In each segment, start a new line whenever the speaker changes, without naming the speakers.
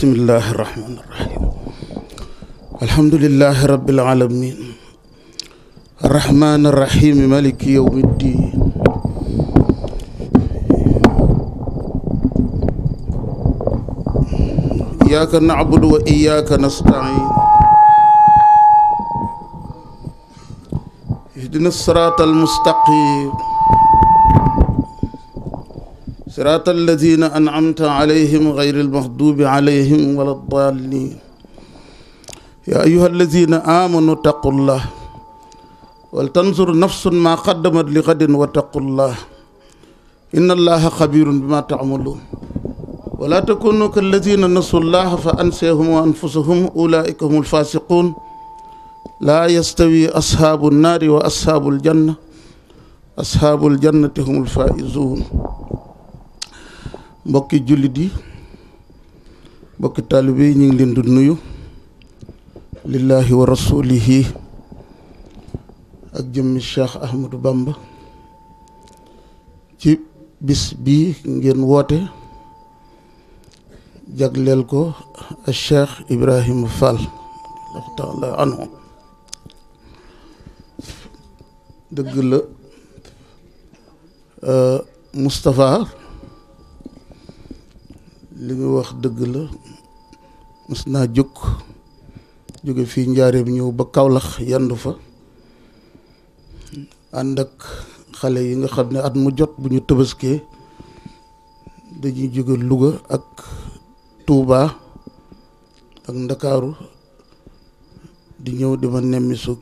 bismillahi irrahmani irrahim alhamdulilahi rabilalamin arrahmani irrahimi maliki yowm ddin iyaaka nacbudu wa iyaaka nastain ihdina siraat almustaqim صراط الذين أنعمت عليهم غير المغضوب عليهم ولا الضالين يا أيها الذين آمنوا اتقوا الله ولتنظر نفس ما قدمت لغد واتقوا الله إن الله خبير بما تعملون ولا تكونوا كالذين نسوا الله فأنسيهم وأنفسهم أولئك هم الفاسقون لا يستوي أصحاب النار وأصحاب الجنة أصحاب الجنة هم الفائزون mbokki jullit yi mbokki taalibe yi ñu ngi leen di nuyu lillahi wa rasulihi ak jëmmi Cheikh Ahmadou Bamba ci bis bi ngeen woote jagleel ko Cheikh Ibrahima Fall allahu taala anhu dëgg la euh, Moustapha li nga wax dëgg la mës naa jóg jóge fii njaareem ñëw ba kawlax yandu fa ànd ak xale yi nga xam ne at mu jot bu ñu tëbaskee dañuy jóge luga ak tuubaa ak Ndakaaru di ñëw di ma nemmi su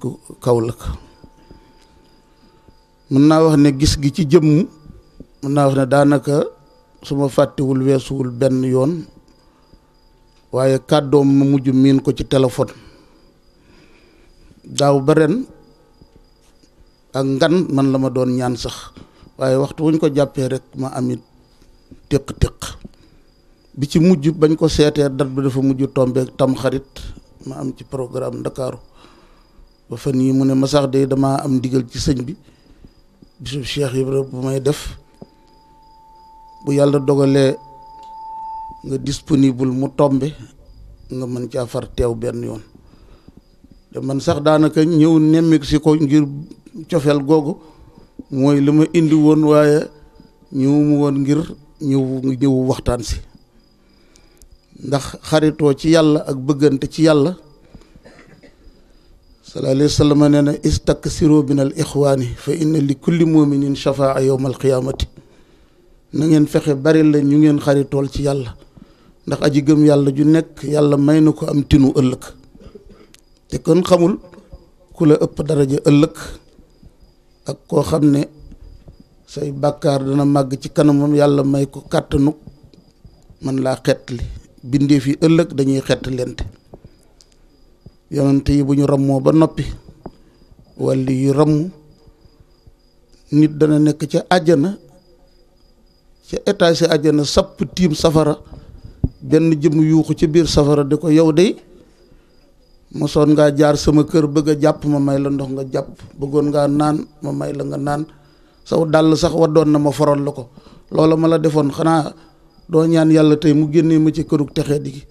Kaolack mën naa wax ne gis gi ci jëmm mën naa wax ne daanaka su ma fàttewul weesuwul benn yoon waaye kàddoom ma mujj miin ko ci téléphone daaw ba ren ak ngan man la ma doon ñaan sax waaye waxtu wuñ ko jàppee rek ma amit téq-téq bi ci mujj bañ ko seetee dat bi dafa mujj tombeek tam xarit ma am ci programme ndakaaru ba fan yi mu ne ma sax de damaa am ndigal ci sëñ bi bisu Cheikh Ibra bu may def bu yàlla dogalee nga disponible mu tombe nga mën caa far teew benn yoon te man sax daanaka ñëw nemmik si ko ngir cofeel googu mooy li ma indi woon waaye ñëwuma woon ngir ñëw ñëw waxtaan si ndax xaritoo ci yàlla ak bëggante ci yàlla sallallahu alayhi wa sallam nee na istaksiru min al ixwaani fa inna li kulli muminin shafaa yowma alqiyaamati na ngeen fexe bari la ñu ngeen xaritool ci yàlla ndax aji gëm yàlla ju nekk yàlla may na ko am tinu ëllëg te kon xamul ku la ëpp daraja ëllëg ak koo xam ne say bàkkaar dana màgg ci kanamam yàlla may ko kàttanu man laa xettali bindee fi ëllëg dañuy xett lent yonante yi bu ñu rammoo ba noppi wàlli yu ramm nit dana nekk ca àjjana ci étage si àjjana sapp tiim safara benn jëm yuuxu ci biir safara di ko yow de mosoon ngaa jaar sama kër bëgg a jàpp ma may la ndox nga jàpp bëggoon ngaa naan ma may la nga naan saw dàll sax waddoon na ma faral la ko loola ma la defoon xanaa doo ñaan yàlla tey mu génnee ma ci kërug texee di gi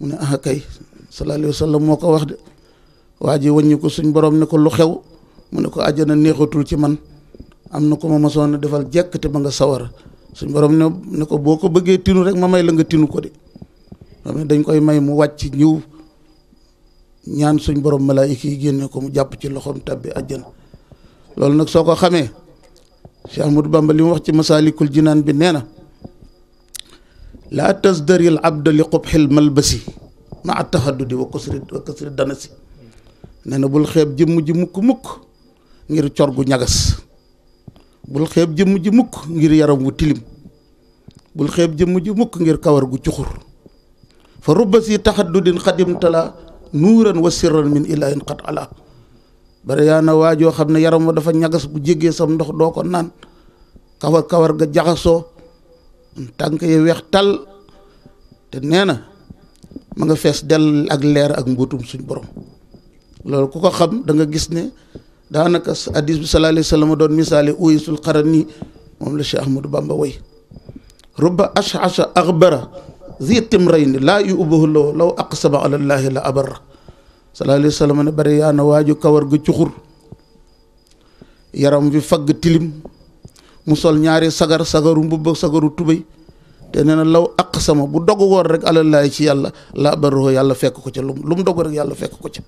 mu ne ah kay sallallahu moo ko wax de waa ji wàññi ko suñ borom ne ko lu xew mu ne ko àjjana neexatul ci man am na ko ma mosoon a defal jekk te ma nga sawara suñ borom ne ne ko boo ko bëggee tinu rek ma may la nga tinu ko de xam dañ koy may mu wàcc ñëw ñaan suñ borom malaayika yi génne ko mu jàpp ci loxoom tàbbi àjjana loolu nag soo ko xamee Cheikh Ahmadou Bamba li mu wax ci masaalikul jinaan bi nee na laa tasdari al abda li qubxil malbasi ma tahaddudi wa kasri wa kasri danasi nee na bul xeeb jëmm ji mukk mukk ngir cor gu ñagas bul xeeb jëmm ji mukk ngir yaram wu tilim bul xeeb jëmm ji mukk ngir kawar gu cuxur fa rubba si taxaddudin xadim tala nuuran wa sirran min ilahin xat ala bari yaa na waajoo xam ne yaram wa dafa ñagas bu jéggee sam ndox doo ko naan kawar kawar ga jaxasoo tànk yi weex tal te nee na ma nga fees dell ak leer ak mbuutum suñ borom loolu ku ko xam da gis ne daanaka hadis bi sallallahu alayhi doon sallam doon misaale uyisul moom la Cheikh Ahmadou Bamba way rubba ashasha aghbara zi timrayni laa la law law aqsama ala llaahi la abarra sallallahu alayhi wa sallam ne bari yaa na waaju kawar ga cuxur yaram wi fagg tilim mu sol ñaari sagar sagaru mbubba sagaru tubéy te nee na law sama bu dog woon rek ala llaahi ci yàlla la abarrahu yàlla fekk ko ca lu mu dog rek yàlla fekk ko ca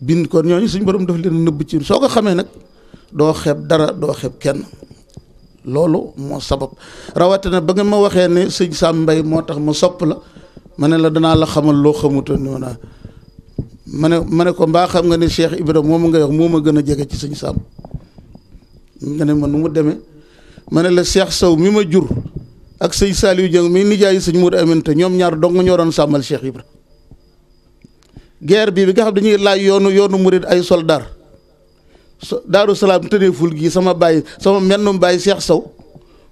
bind kon ñooñu suñ borom daf leen nëbb ci soo ko xamee nag doo xeeb dara doo xeeb kenn loolu moo sabab rawatina ba nga ma waxee ne sëñ Sam mbay moo tax ma sopp la ma ne la danaa la xamal loo xamutoon noona ma ne ma ne ko mbaa xam nga ne Cheikh Ibrahima moom nga wax moo ma gën a jege ci sëñ Sam nga ne ma nu mu demee ma ne la Cheikh Sow mi ma jur ak sëñ Saliou Dieng mi nijaayu sëñ Mourou Aminta ñoom ñaar dong ñoo ñoroon sàmmal Cheikh Ibrahima. guerre bii bi nga xam dañuy laaj yoonu yoonu murid ay soldar daaru salaam ful gii sama bàyyi sama mennum bàyyi Cheikh saw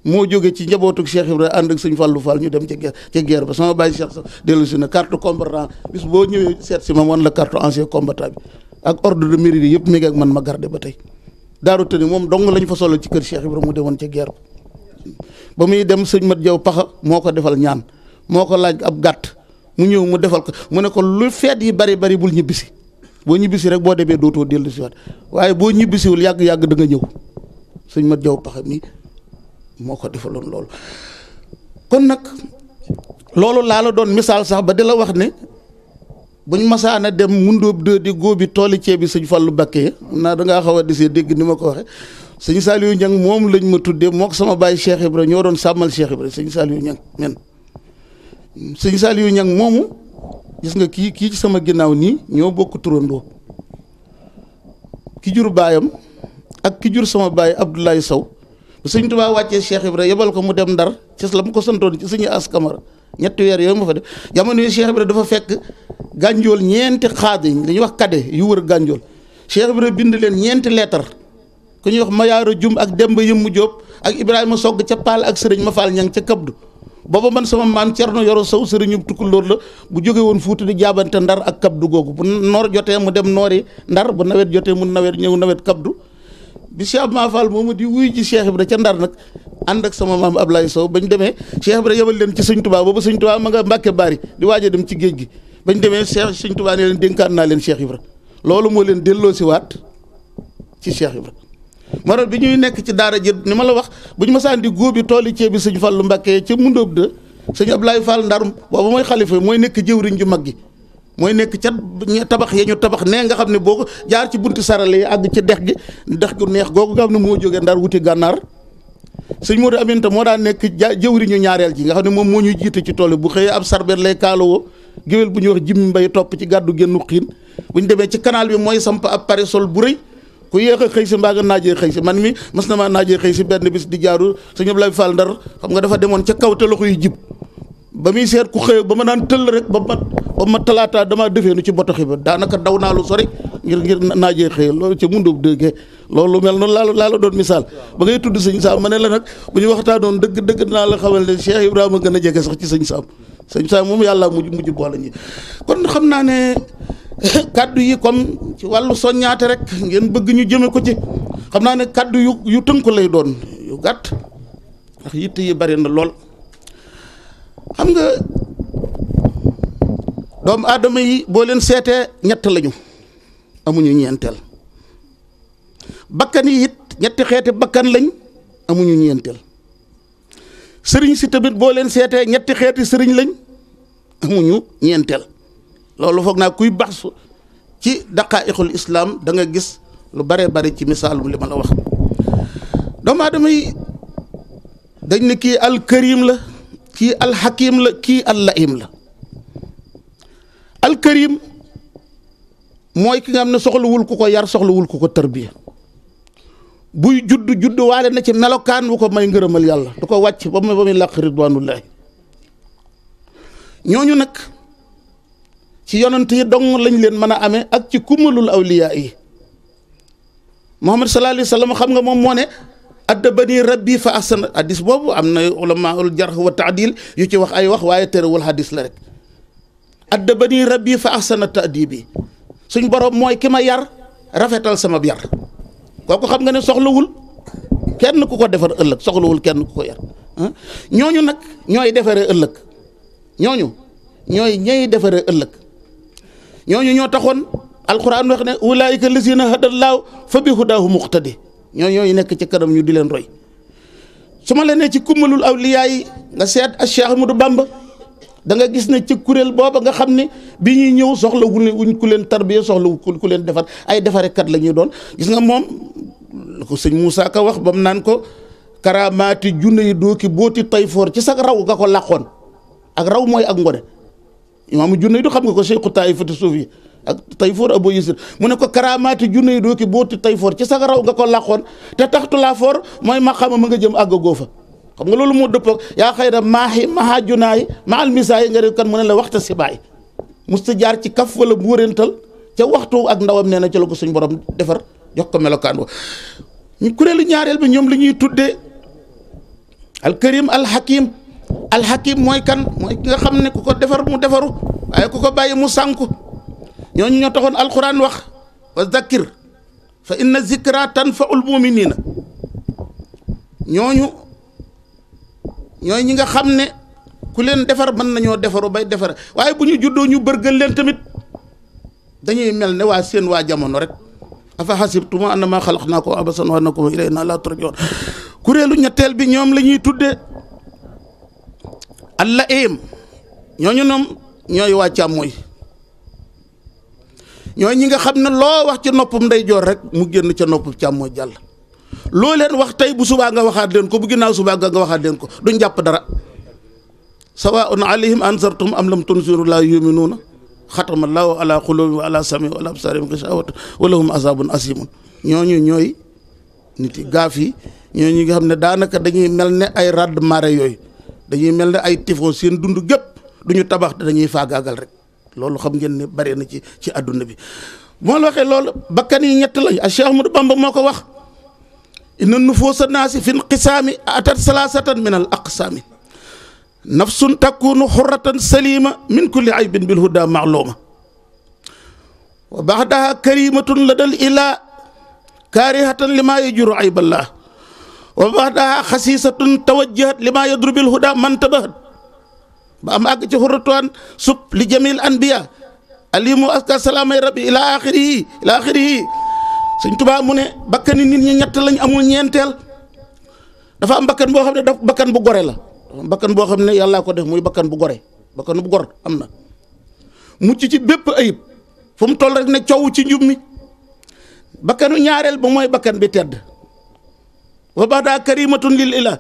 moo jóge ci njabootu Cheikh Ibrahima ànd ak sëñ Fallou Fall ñu dem ca guerre ci guerre ba sama bàyyi Cheikh Sow dellu na carte combattant bis boo ñëwee seet si ma wan la carte ancien combattant bi ak ordre de mérite yëpp mi ngi ak man ma garde ba tey daaru tëni moom dong lañ fa solo ci kër Cheikh Ibrahima mu demoon ca guerre ba muy dem sëñ Mat Jaw paxa moo ko defal ñaan moo ko laaj ab gàtt mu ñëw mu defal ko mu ne ko lu feet yi bari bari bul ñibbisi boo ñibbisi rek boo demee dootoo dellu si waat waaye boo ñibbisiwul yàgg yàgg da nga ñëw sëñ ma Jaw Paxa mi moo ko defaloon loolu kon nag loolu laa la doon misaal sax ba di la wax ne buñ masaana dem mundóob de di góobi tooli ceeb bi sëñ Fallou Bakke naa dangaa xaw a disee dégg ni ma ko waxe sëñ yu Niang moom lañ ma tuddee mook sama baay Cheikh Ibra ñoo doon sàmmal Cheikh Ibra sëñ Saliou Niang men sëñ Saliou Niang moomu gis nga kii kii ci sama ginnaaw nii ñoo bokk turandoo ki jur baayam ak ki jur sama baay Abdoulaye Sow bu sëñ Tuubaa wàccee Cheikh Ibra yebal ko mu dem Ndar ci la mu ko santoon ci sëñ As weer yooyu ma fa def jamono yi Cheikh Ibra dafa fekk gànjool ñeenti xaad yi li ñuy wax kade yu wër gànjool Cheikh Ibra bind leen ñeenti leetar ku ñuy wax Mayaara Jum ak demb Yëmmu Jóob ak Ibrahima Sogg ca Paal ak Sëriñ ma faal ñang ca Kabdu booba man sama maam Cerno Yoro Sow sëriñu Tukulóor la bu jóge woon Fuuta di jaabante ndar ak kabdu googu bu noor jotee mu dem noori ndar bu nawet jotee mun nawet ñëw nawet kabdu bi Cheikh Abdou Fall moomu di wuy ji Cheikh Ibra ca ndar nag ànd ak sama maam Ablaye Sow bañ demee Cheikh Ibra yebal leen ci sëñ Tuubaa booba sëñ Tuubaa ma nga Mbàkke Baari di waaj a dem ci géej gi bañ demee Cheikh sëñ Tuubaa ne leen dénkaan naa leen Cheikh Ibra loolu moo leen delloo si waat ci Cheikh Ibra maroon bi ñuy nekk ci daara ji ni ma la wax bu ñu masaan di góobi tooli ceeb bi sëñ Fallu Mbakke ca Mundóob de sëñ Ablaye Fall Ndarum booba mooy xalifa mooy nekk jëwriñ ju mag gi mooy nekk ca tabax ya ñu tabax nee nga xam ne boo ko jaar ci bunti sarale yi ci dex gi dex gu neex googu nga xam ne moo jógee ndar wuti gànnaar sëñ Modou Aminta moo daan nekk jëwriñu ñaareel ji nga xam ne moom moo ñuy jiite ci tool bu xëyee ab sarbet lay kaalowoo géwél bu ñu wax jimmi mbay topp ci gàddu génnu xiin bu demee ci canal bi mooy samp ab sol bu rëy ku yéex a xëy si mbaa nga naajee xëy si man mi mas na maa naajee xëy si benn bis di jaaru sëñ Ablaye Fall Ndar xam nga dafa demoon ca kaw te loxo yi jib ba muy seet ku xëy ba ma naan tëll rek ba ma ba ma talaata damaa defee nu ci botoxi ba daanaka daw naa lu sori ngir ngir naajee xëy loolu ca mundóob dëggee loolu mel noonu laa laa la doon misaal ba ngay tudd sañ Saam ma ne la nag bu ñu waxtaanoon dëgg dëgg naa la xamal ne Cheikh a gën a jege sax ci sëñ Saam sëñ Saam moom yàlla mujj mujj boole ñi kon xam naa kàddu yi comme ci wàllu soññaate rek ngeen bëgg ñu jëme ko ci xam naa ne kàddu yu yu tënk lay doon yu gàtt ndax yitte yi bari na lool xam nga doomu aadama yi boo leen seetee ñett lañu amuñu ñeenteel bakkan yi it ñetti xeeti bakkan lañ amuñu ñeenteel sëriñ si tamit boo leen seetee ñetti xeeti sëriñ lañ amuñu ñeenteel loolu foog naa kuy baxsu ci daqaa'iqul islaam da gis lu bare bari ci misaalum li ma la wax doomu aadama yi dañ ne kii alkarim la kii alxakim la kii allaim la alkarim mooy ki nga am ne soxlawul ku ko yar soxlawul ku ko tarbiya buy judd judd waale na ci melokaan wu ko may ngërëmal yàlla du ko wàcc ba mu ba muy làq ridwanullahi ñooñu nag ci yonent yi dong lañu leen mën a amee ak ci kumalul awliyaa yi Muhammad sallallahu alayhi wa xam nga moom moo ne addabani rabbi fa ahsan hadis boobu am na ulamaul jarh wa taadil yu ci wax ay wax waaye terewul hadis la rek addabani rabbi fa ahsana taadibi suñ borom mooy ki ma yar rafetal sama yar kooku xam nga ne soxlawul kenn ku ko defar ëllëg soxlawul kenn ku ko yar ñooñu nag ñooy defaree ëllëg ñooñu ñooy ñay defaree ëllëg. ñooñu ñoo taxoon alquran wax ne ulaayika lazina hadallaahu fa bi hudaahu muqtadi ñoo ñooñu nekk ci kanam ñu di leen roy su ma la nee ci kummalul aw liyaay nga seet ak Cheikh Ahmadou Bamba da nga gis ne ci kuréel booba nga xam ne bi ñuy ñëw soxla wu wuñ ku leen tarbiya soxla ku leen defar ay defarekat la ñuy doon gis nga moom lu ko sëñ Moussa Ka wax ba mu naan ko karaamaati junne yi dooki booti tayfoor ci sag raw nga ko làqoon ak raw mooy ak ngone ma imaamu Junnaydu xam nga ko Cheikhu Taifatu Suufi ak Tayfoor Abu Yusir mu ne ko karaamaati Junnaydu ki booti Tayfoor ci saga raw nga ko làqoon te taxtu laa foor mooy xam ma nga jëm àggagoo fa xam nga loolu moo dëppoog yaa xëy na maaxi maha junaay maal misaay nga ne kan mu ne la waxta si baay musta jaar ci kaf wala wóorental ca waxtu ak ndawam nee na ci la ko suñ borom defar jox ko melokaan wa kuréelu ñaareel bi ñoom li ñuy tuddee alkarim alhakim alxakim mooy kan mooy ki nga xam ne ku ko defar mu defaru waaye ku ko bàyyi mu sànku ñooñu ñoo taxoon alquran wax wa zakir fa inna mi nii na ñooñu ñooy ñi nga xam ne ku leen defar mën nañoo defaru bay defar waaye bu ñu juddoo ñu bërgël leen tamit dañuy mel ne waa seen waa jamono rek afa xasibtuma annama xalaqnaakum abasan wa annakum ilayna la turjaun kuréelu ñetteel bi ñoom la ñuy tuddee alla eem ñooñu ñoom ñooy waa càmmooy ñooy ñi nga xam ne loo wax ci noppam ndeyjoor rek mu génn ca noppam càmmooy jàll loo leen wax tey bu subaa nga waxaat leen ko bu ginnaaw subaa nga waxaat leen ko duñ jàpp dara sawaa sawaun alayhim ansartum am la lam tunsiru laa yuminuuna xatama allahu ala xulubi wa ala sami wa ala absarihim gishawat wa lahum asabun asimun ñooñu ñooy nit yi gaaf yi ñooñu nga xam ne daanaka dañuy mel ne ay radd mare yooyu dañuy mel na ay typhon seen dund gépp du ñu tabax te dañuy faagaagal rek loolu xam ngeen ne bare na ci ci àdduna bi moo la waxee loolu bakkan yi ñett lañ a Cheikh Ahmadou Bamba moo ko wax inna nufuusa naasi fi nqisaami atat salaasatan min al aqsaami nafsun takunu xurratan salima min kulli aybin bil huda maaluma wa baxdaha karimatun la dal ilaa kaarihatan li maa yajuru ayballah wa baxdaha xasiisatun tawajjahat li maa yadrubil huda man tabahat ba am àgg ci xuratuwaan sup li jamil anbiya alimu aska salaamay rabbi ila axirihi ila axirihi sëñ tubaab mu ne bakkani nit ñi ñett lañ amul ñeenteel dafa am bakkan boo xam ne daf bakkan bu gore la bakkan boo xam ne yàllaa ko def muy bakkan bu gore bakkan bu gor am na mucc ci bépp ayib fu mu toll rek ne coow ci njub mi bakkanu ñaareel ba mooy bakkan bi tedd wa bada karimatun lil ila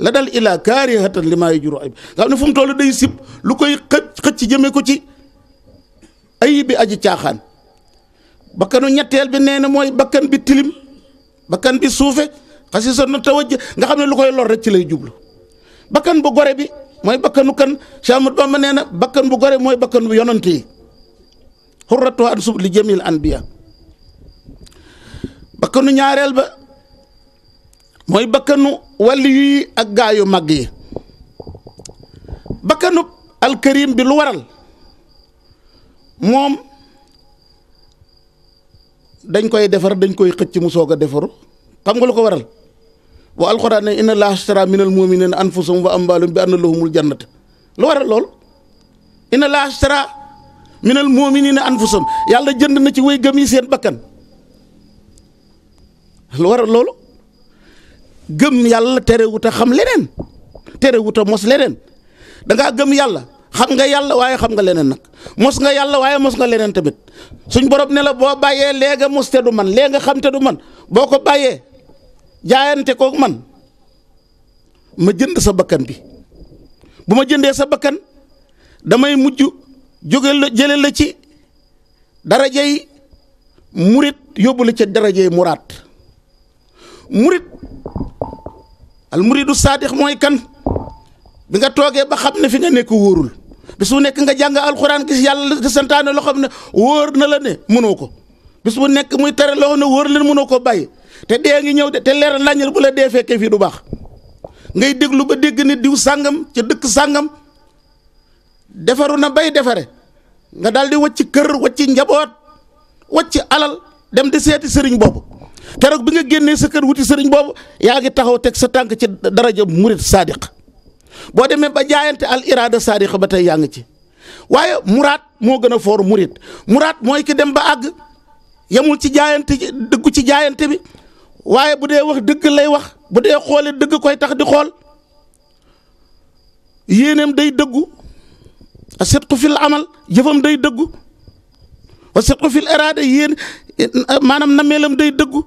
la dal ila karihatan li maa yujuru nga xam ne fu mu toll day sib lu koy xëcc xëcc jëme ko ci ayib bi aji caaxaan bakkanu ñetteel bi nee na mooy bakkan bi tilim bakkan bi suufe xasi sa na tawaj nga xam ne lu koy lor rek ci lay jublu bakkan bu gore bi mooy bakkanu kan Cheikh Ahmadou Bamba nee bakkan bu gore mooy bakkan bu yonant yi xurratu an sub li jamil anbiya bakkanu ñaareel ba mooy bakkanu wàlli yi ak gaayu mag yi bakkanub alkarim bi lu waral moom dañ koy defar dañ koy xëcc mu soog a defaru xam nga lu ko waral bu alxuraan ne inna laaha ashtara minal mu'minina anfusahum wa amwaalahum bi anna lahumul jannata lu waral lool inna laaha ashtara minal mu'minina anfusahum yàlla jënd na ci way gëm yi seen bakkan lu waral loolu gëm yàlla terewut a xam leneen tere a mos leneen da gëm yàlla xam nga yàlla waaye xam nga leneen nag mos nga yàlla waaye mos nga leneen tamit suñ borom nela boo bàyyee lee nga mos te du man lee nga xam te du man boo ko bàyyee jaayante ko man ma jënd sa bakkan bi bu ma jëndee sa bakkan damay mujj jóge la jële la ci darajay murit yóbbu la ci darajay muraat murit al muridu saadix mooy kan bi nga toogee ba xam ne fi nga nekk wóorul bis bu nekk nga jàng alxuraan gis yàlla di santaane loo xam ne wóor na la ne mënoo ko bis bu nekk muy tere loo ne wóor leen mënoo ko bàyyi te dee ngi ñëw de te leer naññal bu la dee fekkee fii du baax ngay déglu ba dégg ne diw sàngam ca dëkk sàngam defaru na bay defare nga daal di wacci kër wacci njaboot wacci alal dem di seeti sëriñ boobu keroog bi nga génnee sa kër wuti sëriñ boobu yaa ngi taxaw teg sa tànk ci daraja murit saadiq boo demee ba jaayante al iraada saadiq ba tey yaa ngi ci waaye muraat moo gën a foor murit muraat mooy ki dem ba àgg yemul ci jaayante dëggu ci jaayante bi waaye bu dee wax dëgg lay wax bu dee xoolee dëgg koy tax di xool yéeneem day dëggu asidqu fil amal jëfam day dëggu wa sidqu fil iraada yéen maanaam nameelam day dëggu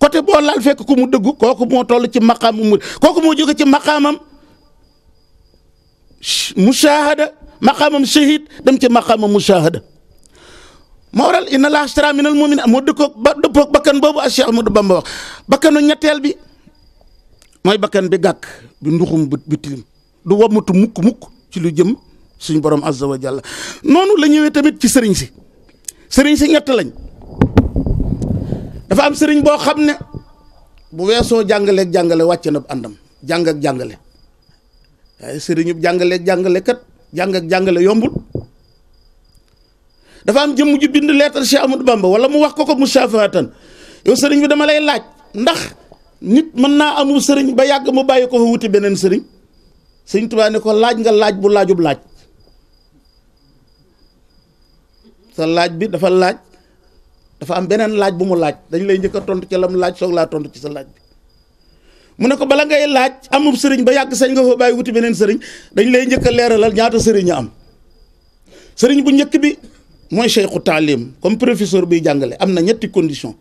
côté boo laal fekk ku mu dëggu kooku moo toll ci maqaamu mu kooku moo jóge ci maqaamam mushahada maqaamam dem ci maqaamam mushahada moo waral inna laa ashtara minal mu'miniina moo dëkkoog ba dëppoog bakkan boobu ak Cheikh Ahmadou Bamba wax bakkanu ñetteel bi mooy bakkan bi gàkk bi nduxum bi tilim du wamatu mukk mukk ci lu jëm suñu borom azza wa noonu la ñëwee tamit ci sëriñ si sëriñ si ñett lañ dafa am sëriñ boo xam ne bu weesoo jàngale ak jàngale wàcc na àndam jàng jàngale waaye sëriñub jàngale jàngale kat jàng jàngale yombul dafa am jëmm ju bind lettre Cheikh Amadou Bamba wala mu wax ko ko mu musaafahatan yow sëriñ bi dama lay laaj ndax nit mën naa amul sëriñ ba yàgg mu bàyyi ko fa wuti beneen sëriñ sëriñ Tuubaa ko laaj nga laaj bu laajub laaj sa laaj bi dafa laaj dafa am beneen laaj bu mu laaj dañ lay njëkka a tontu ca lam laaj soog laa tontu ci sa laaj bi mu ne ko bala ngay laaj amub sëriñ ba yàgg sañ nga fa bàyyi wuti beneen sëriñ dañ lay njëkka a leeralal ñaata sëriñ am sëriñ bu njëkk bi mooy cheikhu taalim comme professeur buy jàngale am na ñetti condition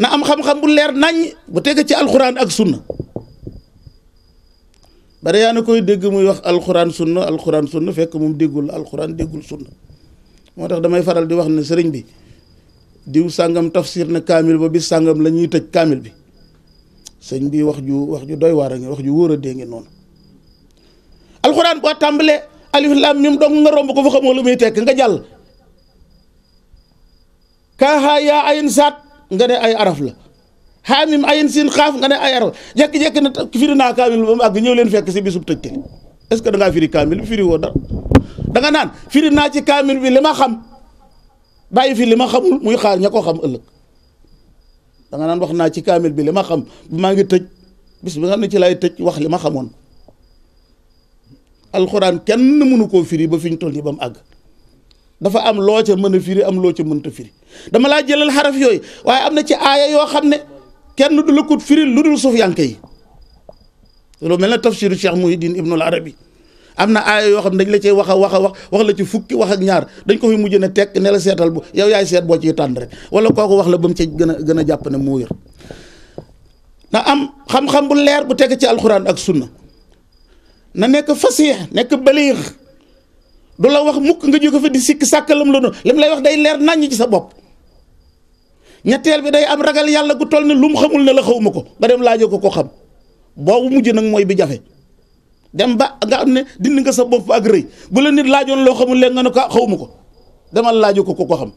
na am xam-xam bu leer nañ bu tege ci alxuraan ak sunna bari yaa na koy dégg muy wax alxuraan sunna alxuraan sunna fekk moom déggul alxuraan déggul sunna moo tax damay faral di wax ne sëriñ bi diw sàngam tafsir na kaamil ba bis sàngam la ñuy tëj kaamil bi sëñ bi wax ju wax ju doy waar a ngi wax ju wóor a dee ngi noonu alxuraan boo tàmbalee alif laam mim dong nga romb ko fa xamoo lu muy tekk nga jàll kaaxaa yaa ayin saat nga ne ay araf la xaamim ayin siin xaaf nga ne ay araf jekki-jekki na firi naa kaamil ba mu àgg ñëw leen fekk si bisub tëj te est-ce que da firi kaamil firi woo dara da nga naan firi naa ci kaamil bi li ma xam bàyyi fi li ma xamul muy xaar ña ko xam ëllëg da naan wax naa ci kaamil bi li ma xam maa ngi tëj bis bi nga xam ne ci lay tëj wax li ma xamoon alxuraan kenn mënu koo firi ba fi ñu toll nii ba mu àgg dafa am loo ca mën a firi am loo ci mënta firi dama laa jëlal xaraf yooyu waaye am na ci aaya yoo xam ne kenn du la ko firi lu dul suuf yànke yi loolu mel na tafsiru Cheikh Muhiddin Ibnul Arabi am na aaya yoo xam ne dañ la cay wax a wax a wax wax la ci fukki wax ak ñaar dañ ko fi mujj ne tekk ne la seetal bu yow yaay seet boo ciy tànn rek wala kooku wax la ba mu ca gën a gën a jàpp ne wér na am xam-xam bu leer bu tekk ci alxuraan ak sunna na nekk fasiix nekk baliix du la wax mukk nga jóge fa di sikk sàkkalam la doon lim lay wax day leer naññ ci sa bopp ñetteel bi day am ragal yàlla gu toll ne lu mu xamul ne la xawma ko ba dem laajee ko ko xam boobu mujj nag mooy bi jafe dem ba nga am ne dindi nga sa bopp ak rëy bu la nit laajoon loo xamul léegi nga ne ko ah, xaw ma ko demal laaju ko ko ko xam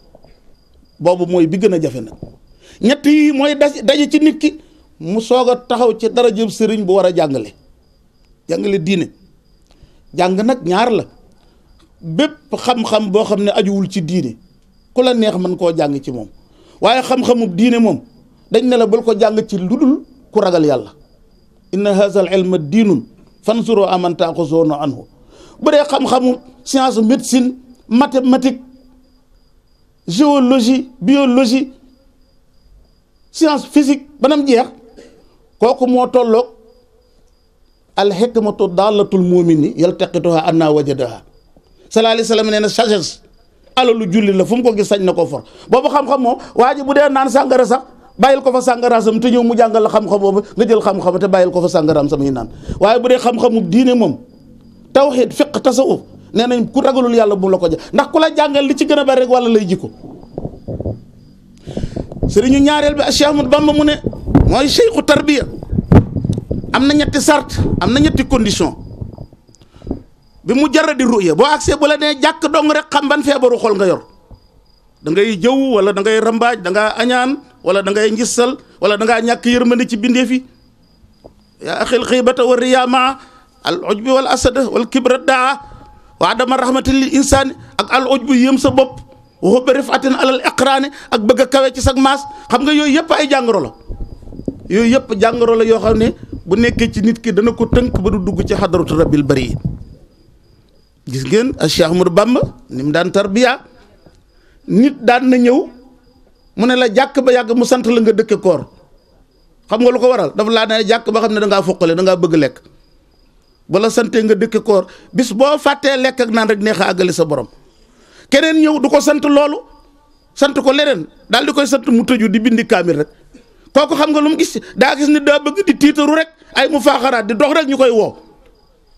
boobu mooy bi gën a jafe nag ñett yi mooy daje ci nikki mu soog a taxaw ci dara jëm sëriñ bu war a jàngale jàngale diine jàng nag ñaar la bépp xam-xam boo xam ne ajuwul ci diine ku la neex mën koo jàng ci moom waaye xam-xamu diine moom dañ ne la bul ko jàng ci lu dul ku ragal yàlla inna haazal ilma diinun fan fansuroo aman taaxusoona anhu bu dee xam-xamu science médecine mathématique géologie biologie science physique banam jeex kooku moo tolloog alxikmatu daalatul muumini yaltaqituha anna wajadaha sallallahu alayhi wasallam nee na sagesse alalu julli la fu mu ko gis sañ na ko for boobu xam-xam moo waa bu dee naan sàngara sax bàyyil ko fa sàngaraasam te ñëw mu jàngal la xam-xam boobu nga jël xam-xam te bàyyil ko fa sàngaraam samay naan waaye bu dee xam-xamu diine moom tawxiid fiq tasawuf nee nañ ku ragalul yàlla bu mu la ko jox ndax ku la jàngal li ci gën a bari rek wala lay jikko sëriñu ñaareel bi Cheikh Ahmadou Bamba mu ne mooy cheikhu tarbiya am na ñetti sart am na ñetti condition bi mu jara di ruya boo agsee bu la nee jàkk dong rek xam ban feebaru xol nga yor da wala da ngay ngissal wala da ngaa ñàkk yërmande ci bindee fi yaa axil xiibata wa riyaama al ujbi wal asada wal kibra daa wa adama rahmatin lil ak al ujbu yëm sa bopp waxu ba rifatin alal iqraani ak bëgg a kawe ci sag maas xam nga yooyu yëpp ay jàngoro yooyu yëpp jàngoro la yoo xam ne bu nekkee ci nit ki dana ko tënk ba du dugg ci xadaratu rabbil bari gis ngeen Cheikh Ahmadou Bamba ni mu daan tarbiya nit daan na ñëw. mu ne la jàkk ba yàgg mu sant la nga dëkke koor xam nga lu ko waral dafa laa ne jàkk ba xam ne dangaa ngaa foqale da ngaa bëgg lekk la santee nga dëkke koor bis boo fàttee lekk ak naan rek neex a àggali sa borom keneen ñëw du ko sant loolu sant ko leneen daal di koy sant mu tëju di bindi kaamil rek kooku xam nga lu mu gis daa gis ni daa bëgg di tiitaru rek ay mu faaxaraat di dox rek ñu koy woo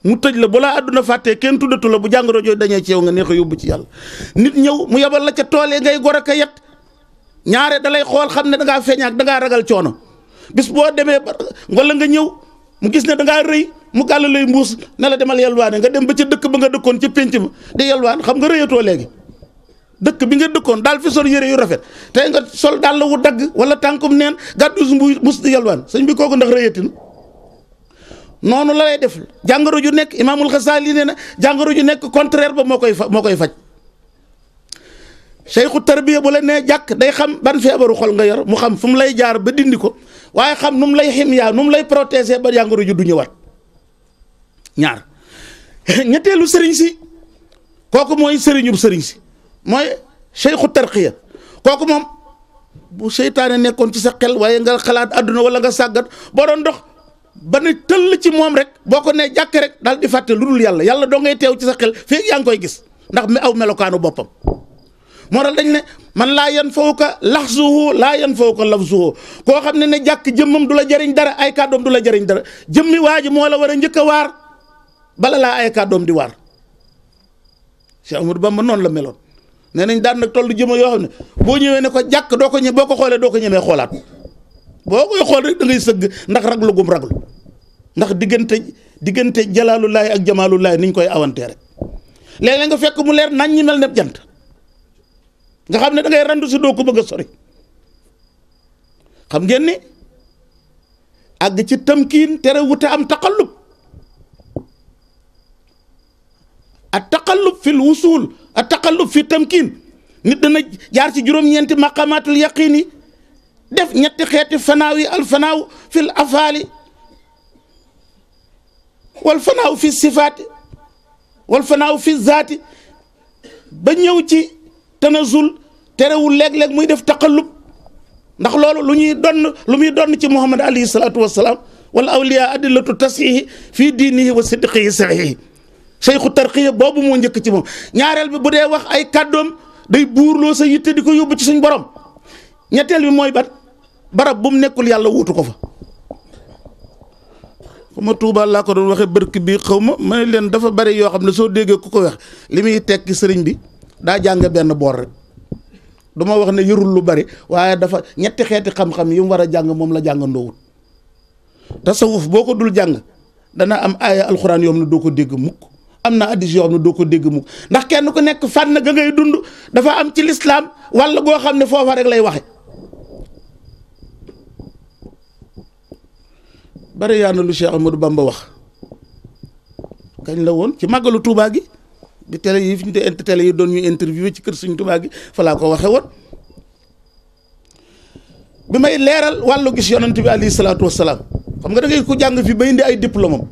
mu tëj la balaa àdduna fàttee kenn tuddatu la bu jàngoro jooju dañee ci yow nga neex a yóbbu ci yàlla nit ñëw mu yabal la ca toolee ngay gor ak a yet ñaare da lay xool xam ne dangaa ngaa dangaa ak da ngaa ragal coono bis boo demee ba wala nga ñëw mu gis ne dangaa rëy mu gàll lay mbuus ne la demal yalwaane nga dem ba ca dëkk ba nga dëkkoon ci pénc ma di yalwaan xam nga rëyatoo léegi dëkk bi nga dëkkoon daal fi sol yére yu rafet tey nga sol daal la wu dagg wala tànkum neen gàddu su mbuus mus di yalwaan sëñ bi kooku ndax rëyatin noonu la lay def jàngoro ju nekk imaamul Xasaali nee na jàngoro ju nekk contraire ba moo koy fa moo koy faj. seyxu tarbiya bu la nee jàkk day xam ban feebaru xol nga yor mu xam fu mu lay jaar ba dindi ko waaye xam nu mu lay ximyaa nu mu lay protéger ba jàngoro ju du ñëwaat ñaar ñetteelu sëriñ si kooku mooy sëriñu sëriñ si mooy seyxu tarqiya kooku moom bu seytaane nekkoon ci sa xel waaye nga xalaat àdduna wala nga sàggat boo doon dox ba ne tëll ci moom rek boo ko nee jàkk rek dal di fàtte lu dul yàlla yàlla doo ngay teew ci sa xel fii yaa ngi koy gis ndax mi aw melokaanu boppam moo tax dañ ne man laa yan fawka laxsuhu laa yan fawka lafsuhu koo xam ne ne jàkk jëmmam du la jariñ dara ay kàddoom du la jariñ dara jëmmi waa ji moo la war a njëkk a waar bala laa ay kàddoom di waar Cheikh Amadou Bamba noonu la meloon nee nañ daan nag toll jëmm yoo xam ne boo ñëwee ne ko jàkk doo ko ñë boo ko xoolee doo ko ñemee xoolaat boo koy xool rek da ngay sëgg ndax raglu gum raglu ndax diggante diggante laay ak laay niñ koy awantee rek léeg-léeg nga fekk mu leer nañ ñi mel ne nga xam ne da ngay randu si doo ko bëgg a sori xam ngeen ni àgg ci tamkiin tere wute am taqallub a taqallub fil wusul a taqallub fi tamkin nit dana jaar ci juróom-ñeenti maqamatul yaqin def ñetti xeeti fanaaw al fanaaw fil afaali wal fanaaw fi sifaati wal fanaaw fi zaati ba ñëw ci tanazul terewul léeg-léeg muy def taqallub ndax loolu lu ñuy donn lu muy donn ci muhammad alayhi salaatu wasalaam wala awliya adillatu tasihi fii diinihi wa sidqihi sahihi seyxu tarqiya boobu moo njëkk ci moom ñaareel bi bu dee wax ay kàddoom day buur loo sa yitte di ko yóbbu ci suñ borom ñetteel bi mooy bat barab bu mu nekkul yàlla wuutu ko fa fu ma tuubaal laa ko doon waxee bërk bii xaw ma may leen dafa bari yoo xam ne soo déggee ku ko wax li muy tekki sëriñ bi daa jàng benn boor rek du ma wax ne yërul lu bari waaye dafa ñetti xeeti xam-xam yi mu war a jàng moom la jàng ndoowut tasawuf boo ko dul jàng dana am ay alxuraan yoom xam ne doo ko dégg mukk am na addis yoo ko dégg mukk ndax kenn ku nekk fànn ga ngay dund dafa am ci lislaam walla goo xam ne foofa rek lay waxe bari yaa na lu Cheikh Amadou Bamba wax kañ la woon ci màggalu Tuubaa gi bi télé yi fi ñu te télé yi doon ñu interviewé ci kër Sëñ Tuubaa gi fa laa ko waxe woon bi may leeral wàllu gis yonent bi alayhi salaatu wasalaam xam nga da ngay ko jàng fi ba indi ay diplôme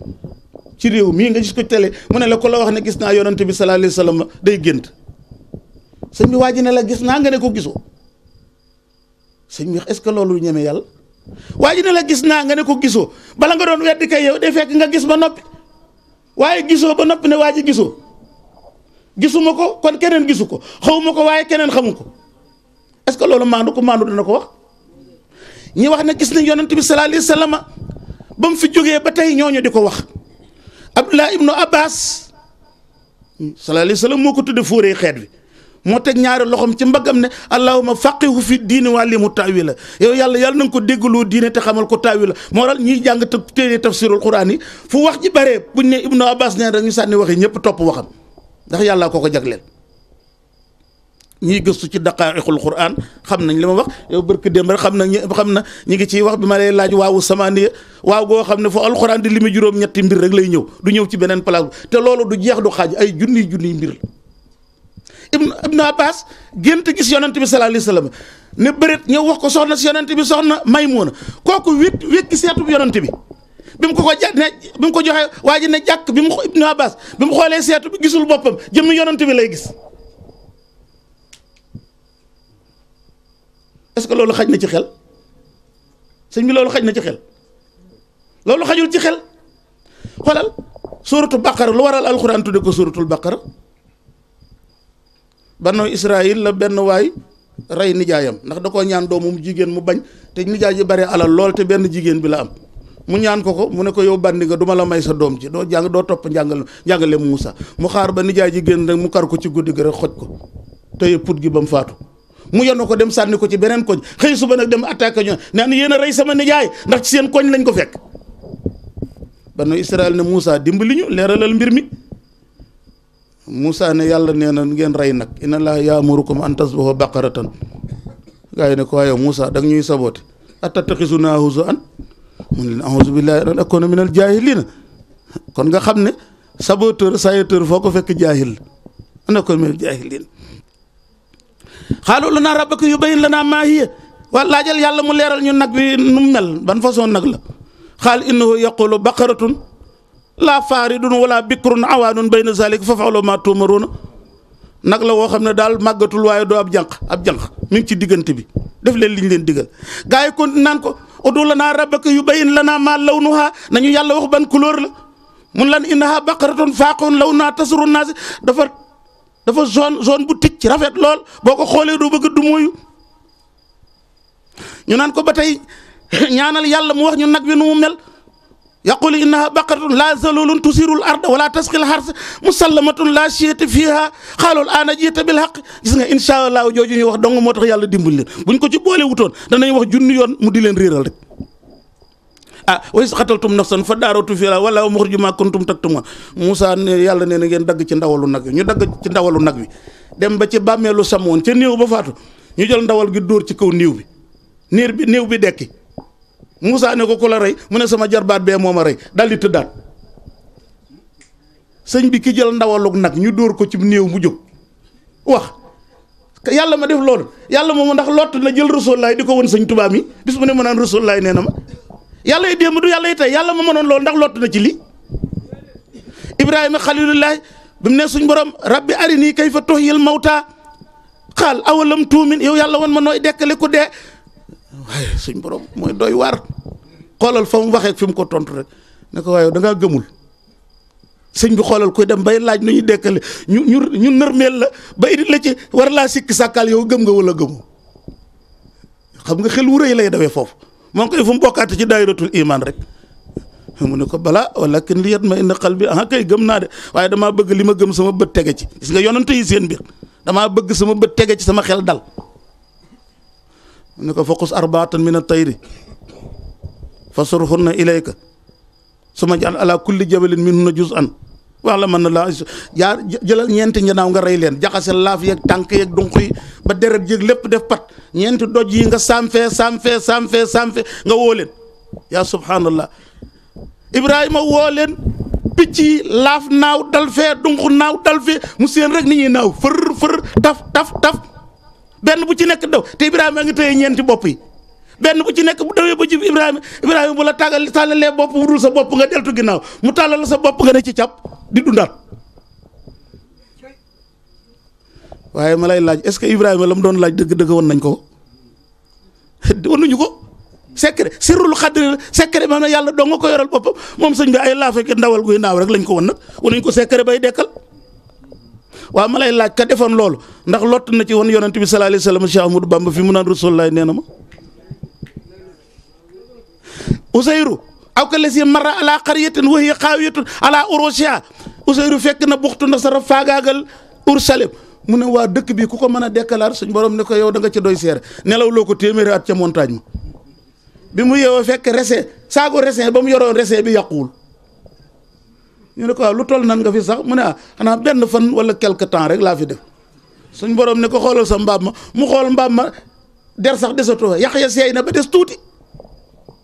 ci réew mii nga gis ko télé mu ne la ko la wax ne gis naa yonent bi sallallahu alayhi wasallam day gént sëñ bi waa ji ne la gis naa nga ne ko gisoo sëñ bi est-ce que loolu ñeme yàlla waa ji ne la gis naa nga ne ko gisoo bala nga doon weddi kay yow day fekk nga gis ba noppi waaye ba noppi ne waa ji gisoo gisuma ko kon keneen gisu ko xawuma ko waaye keneen xamu ko est que loolu maandu ko maandu dana ko wax ñi wax na gis nañ yonent bi sallallahu alayhi wasallam ba mu fi jógee ba tey ñooñu di ko wax Abdullah ibnu Abbas sallallahu alayhi wasallam moo ko tudde fóoree xeet bi moo teg ñaari loxoom ci mbaggam ne allahuma faqihu fi diini waa li mu taawi la yow yàlla yàlla na nga ko déggloo diine te xamal ko taawi la moo waral ñiy jàng te téere tafsirul quran yi fu wax ji bare buñ ne ibnu Abbas neen rek ñu sànni waxi ñëpp topp waxam ndax yàlla koo ko jagleel ñiy gëstu ci daqaar daqaa'iqul quraan xam nañ li ma wax yow barke démb rek xam na xam na ñu ngi ciy wax bi ma lay laaj waawu samaaniya waaw goo xam ne foo alxuraan di limi juróom-ñetti mbir rek lay ñëw du ñëw ci beneen place te loolu du jeex du xaaj ay junniy junni mbir la. Ibn Abbas gént gis yonent bi sallallahu alayhi wasallam ne bëreet ñëw wax ko soxna si yonent bi soxna Maymuna kooku wét wékki seetub yonent bi. bi mu ko ko ne bi ko joxee waa ji ne jàkk bi mu Ibnu Abbas bi mu xoolee seetu bi gisul boppam jëmmi yonent bi lay gis est que loolu xaj na ci xel sëñ bi loolu xaj na ci xel loolu xajul ci xel xoolal suuratu baqara lu waral alxuraan tudde ko suuratul baqara banu Israayil la benn waay rey nijaayam ndax da koo ñaan doomum jigéen mu bañ te nijaay ji bari alal lool te benn jigéen bi la am mu ñaan ko ko mu ne ko yow bandi nga du ma la may sa doom ci doo jàng doo topp njàngal njàngale Moussa mu xaar ba nijaay ji génn rek mu kar ko ci guddi gi rek xoj ko teye put gi ba mu faatu mu yónn ko dem sànni ko ci beneen koñ xëy suba nag dem attaqué ñu naan yéen a sama nijaay ndax seen koñ lañ ko fekk. banu Israël ne Moussa dimbali ñu leeralal mbir mi Moussa ne yàlla nee na ngeen rey nag inna laa yaamurukum an tasbahu baqaratan gars yi ne ko waaye Moussa da ñuy saboote atattaxisuna huzuwan mu ne leen auzu billahi an akuna minal na kon nga xam ne saboteur sayeteur foo ko fekk jaahil an akuna minal jaahiliina xaalu lanaa rabbaka yubayyin lanaa maa hiya waa laajal yàlla mu leeral ñu nag wi nu mel ban façon nag la xaal innahu yaqulu baqaratun laa faaridun wala bikrun awaanun bayna zalik fa fa'alu ma tuumaruuna nag la woo xam ne daal màggatul waaye doo ab jànq ab jànq mi ci diggante bi def leen liñ leen digal udu lanaa rabbaka yubayyin lanaa maa lawnuhaa nañu yàlla wax ban couleur la mun lan innahaa baqaratun faaqun lawnuhaa tasuru naas dafa dafa zone zone bu ticc rafet lool boo ko xoolee du bëgg du ñu naan ko ba tey ñaanal yàlla mu wax ñu nag wi nu mu mel. yaqulu innaha baqaratun la zalulun tusirul arda wala tasqil xars musallamatun la chiyata fiha xaalul aana jiita bil xaq gis nga incha allah jooju ñuy wax dong moo tax yàlla dimbali leen buñ ko ci boole wutoon danañ wax junni yoon mu di leen réeral rek ah way xataltum nafsan fa daaratu fiha wala muxriju ma kuntum taktumoon Moussa ne yàlla nee na ngeen dagg ci ndawalu nag wi ñu dagg ci ndawalu nag wi dem ba ci bàmmeelu samoon ca néew ba faatu ñu jël ndawal gi dóor ci kaw néew bi néer bi néew bi dekki Moussa ne ko ku la rey mu ne sama jarbaat bee moo ma rey daal di tëddaat sëñ bi ki jël ndawalug nag ñu dóor ko ci néew mu jóg wax yàlla ma def loolu yàlla mu ndax lott na jël rasulaay di ko won sëñ tubaab mi bis mu ne ma naan rasulaay nee na ma yàlla yi démb du yàlla yi tey yàlla ma mënoon loolu ndax lott na ci lii Ibrahima xalilullaah bi mu ne suñ borom rabbi arinii kayfa tuhyil mawtaa xaal awalam tuumin yow yàlla wan ma nooy dekkale ku dee. waaye suñ borom mooy doy waar xoolal fa mu waxee fi mu ko tontu rek ne ko waaye dangaa gëmul sëñ bi xoolal koy dem bay laaj nu ñuy dekkale ñu ñu ñu nërmeel la ba indi la ci war laa sikki sàkkal yow gëm nga wala gëmu xam nga xel wu rëy lay dawee foofu moom koy fu mu bokkaate ci daayiratul iman rek mu ne ko bala walakin li yat ma inna bi ah kay gëm naa de waaye damaa bëgg li ma gëm sama bët tege ci gis nga yonante yi seen mbir damaa bëgg sama bët tege ci sama xel dal mu ne ko faqus arbaatan min at-tayri fasurhunna ilayka summa j'al ala kulli jabalin minhunna juz'an wax la man na laa jaar jëlal ñeenti njanaaw nga rey leen jaxaseen laaf yeek tànk yeeg dunq yi ba deret yeeg lépp def pat ñeenti doj yi nga samfee samfee samfee samfee nga woo leen yaa subhaanallah Ibrahima woo leen picc yi laaf naaw dal fee dunq naaw dal fee mu seen rek nit ñuy naaw fër fër taf taf taf benn bu ci nekk daw te Ibrahima a ngi tëye ñeenti bopp yi benn bu ci nekk bu dawee ba jub Ibrahima Ibrahima bu la tàggal tàllalee bopp bu dul sa bopp nga deltu ginnaaw mu tàllal sa bopp nga ne ci cap di dundaat waaye ma lay laaj est-ce que Ibrahima la mu doon laaj dëgg-dëgg woon nañ ko wanuñu ko secret sirrul xadri la secret maanaam yàlla doo nga ko yoral boppam moom sëñ bi ay laafeke ndawal guy naaw rek lañ ko won nag wanuñ ko secret bay dekkal waaw ma lay laaj ka defoon loolu ndax lott na ci woon yonanti bi sallallahu alayhi wasallam Cheikh Ahmadou Bamba fi mu naan Rasulullah nee na ma Usayru aw ka lesi marra ala qaryatin wa hiya xaawiyatun ala urushiha Usayru fekk na buxtu nasara faagaagal Ursalem mun ne waa dëkk bi ku ko mën a dekkalaat suñ borom ne ko yow da nga ci doy seere nelaw loo ko téeméeri at ca montagne ma bi mu yeewoo fekk rese saago rese ba mu yoroon rese bi yàquwul ñu ne ko waaw lu toll nan nga fi sax mu ne ah xanaa benn fan wala quelque temps rek laa fi def suñ borom ne ko xoolal sa mbaam ma mu xool mbaam ma der sax desatoo yàq ya seey na ba des tuuti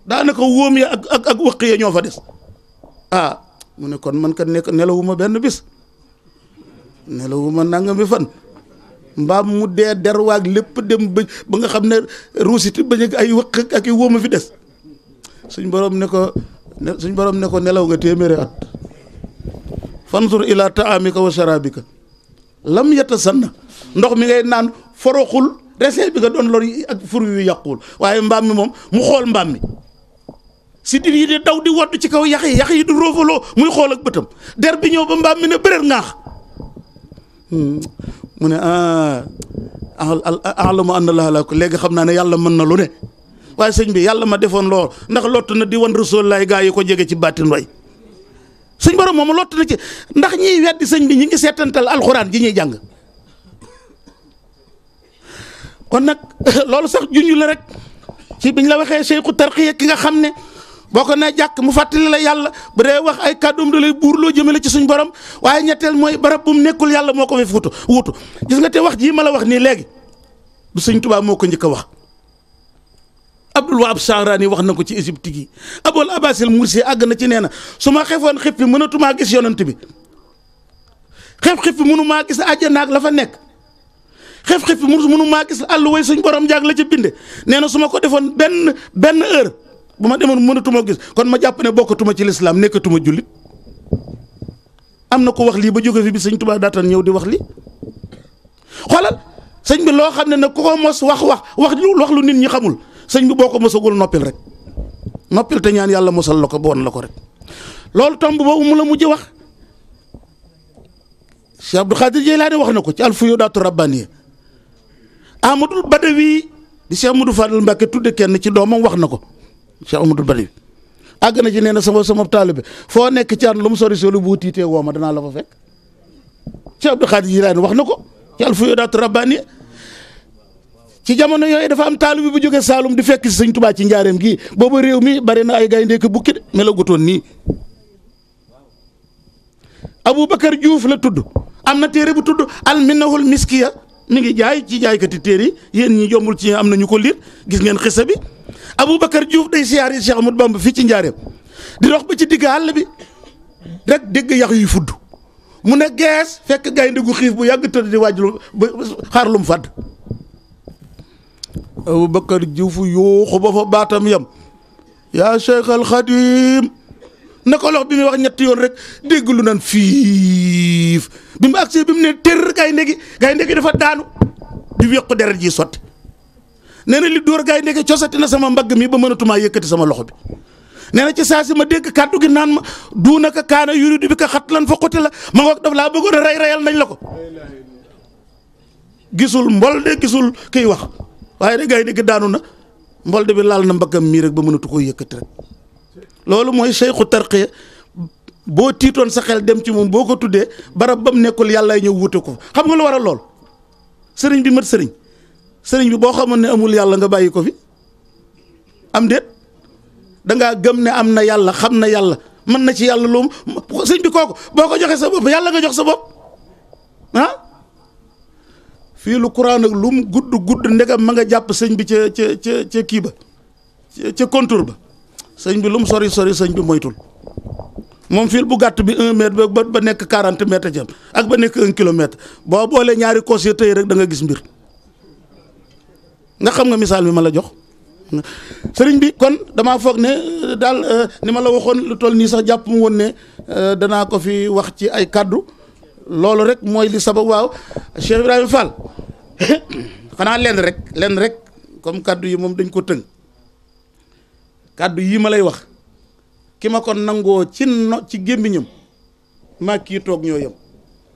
daanaka wóom ya ak ak ak wëq ya ñoo fa des ah mu ne kon man kat nekk nelawuma benn bis nelawuma mi fan mbaam mu dee der waag lépp dem ba ba nga xam ne ruusiti bañ ak ay wëq ak i wóom a fi des suñ borom ne ko suñ borom ne ko nelaw nga téeméeri at. fanzur ila taamika wa sharabika lam yatasanna ndox mi ngay naan foroxul resee bi nga doon lor ak fur yu yàquwul waaye mbaam mi moom mu xool mbaam mi si dir yi di daw di wadd ci kaw yax yi yax yi di roofaloo muy xool ak bëtam der bi ñëw ba mbaam mi ne bëreet ngaax hmm. mu ne ah alamu anna laa la léegi xam naa ne yàlla mën na lu ne waaye sëñ bi yàlla ma defoon lool ndax lott na di wan rasul laay gaa yi ko jege ci baatin way suñ borom moom lott na ci ndax ñiy weddi sëñ bi ñi ngi seetantal alxuraan ji ñuy jàng kon nag loolu sax junj la rek ci biñ la waxee Seexu Tarxiya ki nga xam ne boo ko nee jàkk mu fàttali la yàlla bu dee wax ay kàddoom da lay buur loo buurloo jëmale ci suñ borom waaye ñetteel mooy barab bu mu nekkul yàlla moo ko fi fuutu wuutu gis nga te wax jii ma la wax nii léegi du suñ tubaab moo ko njëkk a wax. abdul wahab sahraani wax na ko ci égypte gi abol abasil mursi àgg na ci nee su ma xefoon xippi mënatumaa gis yonent bi xef xippi mënumaa gis àjjana ak la fa nekk xef xippi mënumaa gis àll way suñ borom jaag la ca binde nee na su ma ko defoon benn benn heure bu ma demoon mënatuma gis kon ma jàpp ne bokkatuma ci lislaam nekkatuma jullit am na ko wax lii ba jóge fi bi sëñ Tuubaa daataan ñëw di wax lii xoolal sëñ bi loo xam ne nag ku ko mos wax wax wax lu wax lu nit ñi xamul sëñ bi boo ko mosagul noppil rek noppil te ñaan yàlla mosal la ko bon la ko rek loolu tomb boobu mu la mujj wax Cheikh Abdou Khadir Jeylaani wax na ko ci alfuyudaatu rabbaniya Amadou Badawi di Cheikh Amadou Fadal Mbacke tudde kenn ci doomam wax na ko Cheikh Amadou Badawi àgg na ci nee na sama sama taalibe foo nekk ci an lu mu sori solu bu tiitee woo ma danaa la fa fekk Cheikh Abdou Khadir Jeylaani wax na ko ci alfuyudaatu rabbaniya ci jamono yooyu dafa am taalibe bu jógee Saalum di fekk si sëñ Tubaa ci njaareem gii boobu réew mi bari na ay gaynde ak bukki de melagutoon nii Aboubacar Diouf la tudd am na téere bu tudd alminahul miskiya mi ngi jaay ci jaaykati téere yi yéen ñi jombul ci am na ñu ko liir gis ngeen xisa bi Aboubacar Diouf day siyaar yi Cheikh Ahmadou Bamba fii ci njaareem di dox ba ci digg àll bi rek dégg yax yi fudd mu ne gees fekk gaynde gu xiif bu yàgg tëdd di ba xaar fàdd Aboubacar Diouf yuuxu ba fa baatam yam yaa Cheikh al na ko lox bi muy wax ñetti yoon rek dégg lu nan fiif bi mu agsee bi mu ne tër gaynde gi gaynde gi dafa daanu di wéqu deret ji sotti nee na li dóor gaynde gi cosati na sama mbagg mi ba mënatumaa yëkkati sama loxo bi nee na ci si ma dégg kàddu gi naan ma duunaka kaana yuridu bi ka xat lan fa xuti la ma ngoog daf laa bëggoon rey reyal nañ la ko gisul mbol de gisul kiy wax waaye nag gars yi daanu na mbolde bi laal na mbaggam mii rek ba mënatu koo yëkkati rek loolu mooy seyxu tarqiya boo tiitoon sa xel dem ci moom boo ko tuddee barab ba mu nekkul yàlla ñëw wute ko xam nga lu waral lool sëriñ bi mat sëriñ sëriñ bi boo xamoon ne amul yàlla nga bàyyi ko fi am déet dangaa gëm ne am na yàlla xam na yàlla mën na ci yàlla loom sëriñ bi kooku boo ko joxee sa bopp yàlla nga jox sa bopp ah? fii lu courant nag lu mu gudd gudd ndegam ma nga jàpp sëñ bi ca ca ca ca kii ba ca contour ba sëñ bi lu mu sori sori sëñ bi moytul moom fil bu gàtt bi un mètre ba ba nekk quarante mètre jëm ak ba nekk un kilomètre boo boolee ñaari cos ya tey rek danga gis mbir nga xam nga misaal mi ma la jox sëriñ bi kon damaa foog ne daal euh, ni ma la waxoon lu toll nii sax jàpp mu woon ne euh, danaa ko fi wax ci ay kàddu loolu rek mooy li sabab waaw Cheikh Ibrahima Fall xanaa lenn rek lenn rek comme kàddu yi moom dañ ko tënk kàddu yii ma lay wax ki ma ko nangoo ci no ci gémmiñam maa kii toog ñoo yem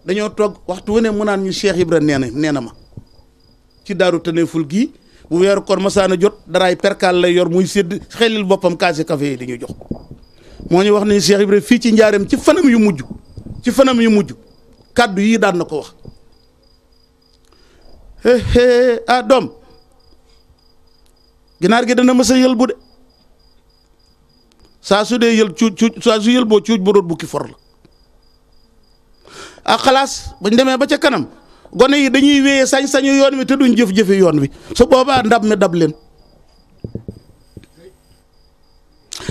dañoo toog waxtu wu ne mu naan ñu Cheikh Ibra nee na nee na ma ci daaru Tëneeful gii bu weeru koor masaana jot daraay perkaal lay yor muy sédd xelil boppam kaasi café yi di ñu jox moo ñu wax ni Cheikh Ibra fii ci njaareem ci fanam yu mujj ci fanam yu mujj kàddu yii daan na ko wax ah doom ginaar gi dana mës a yëlbu de saa su dee yël cuuj saa su yël boo cuuj bu doon bukki for la ah xalaas bañ demee ba ca kanam gone yi dañuy wéyee sañ-sañu yoon wi te duñ jëf-jëfe yoon wi su boobaa ndab mi dab leen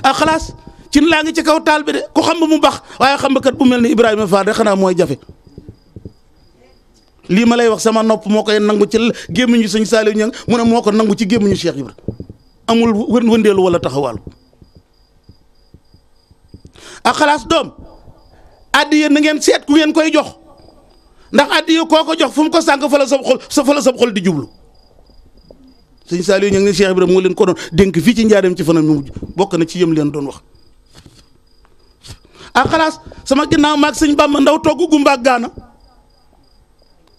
ah xalaas cin laa ngi ci kaw taal bi de ku xam ba mu bax waaye xam ba kat bu mel ni Ibrahima Fall de xanaa mooy jafe lii ma lay wax sama nopp moo koy nangu ci gémmiñu sëñ Saliou Niang mu ne moo ko nangu ci gémmiñu Cheikh Ibra amul wëndeelu wala taxawaalu ak xalaas doom addiya na ngeen seet ku ngeen koy jox ndax addiya koo ko jox fu mu ko sànk fa la sab xol xol di jublu sëñ Saliou Niang ni Cheikh Ibra moo leen ko dénk fii ci njaareem ci fanam ñu bokk na ci yëm leen doon wax ak xalaas sama ginnaaw maag sëñ Bamba ndaw togg gumbaak gaana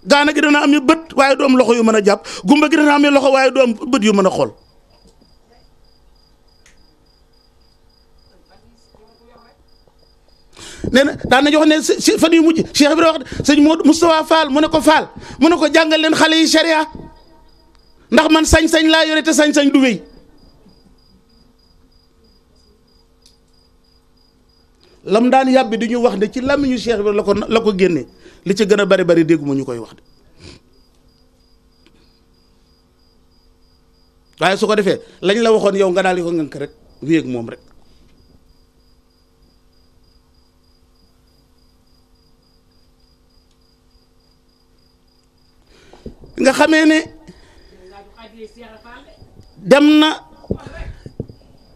gaana gi dana am yu bët waaye du am loxo yu mën a jàpp gumba gi dana am yu loxo waaye du am bët yu mën a xool nee na daan na jox ne si fan yu mujj Cheikh Ibra wax sëñ Modou Moustapha Fall mu ne ko Fall mu ne ko jàngal leen xale yi sharia ndax man sañ-sañ laa yore te sañ-sañ du wéy lam daan yàbbi di ñu wax ne ci làmmiñu Cheikh Ibra la ko la ko génne li ci gën a bari bari dégguma ñu koy wax de waaye su ko defee lañu la waxoon yow nga daal di ko ngënk rek wéeg moom rek nga xamee ne dem na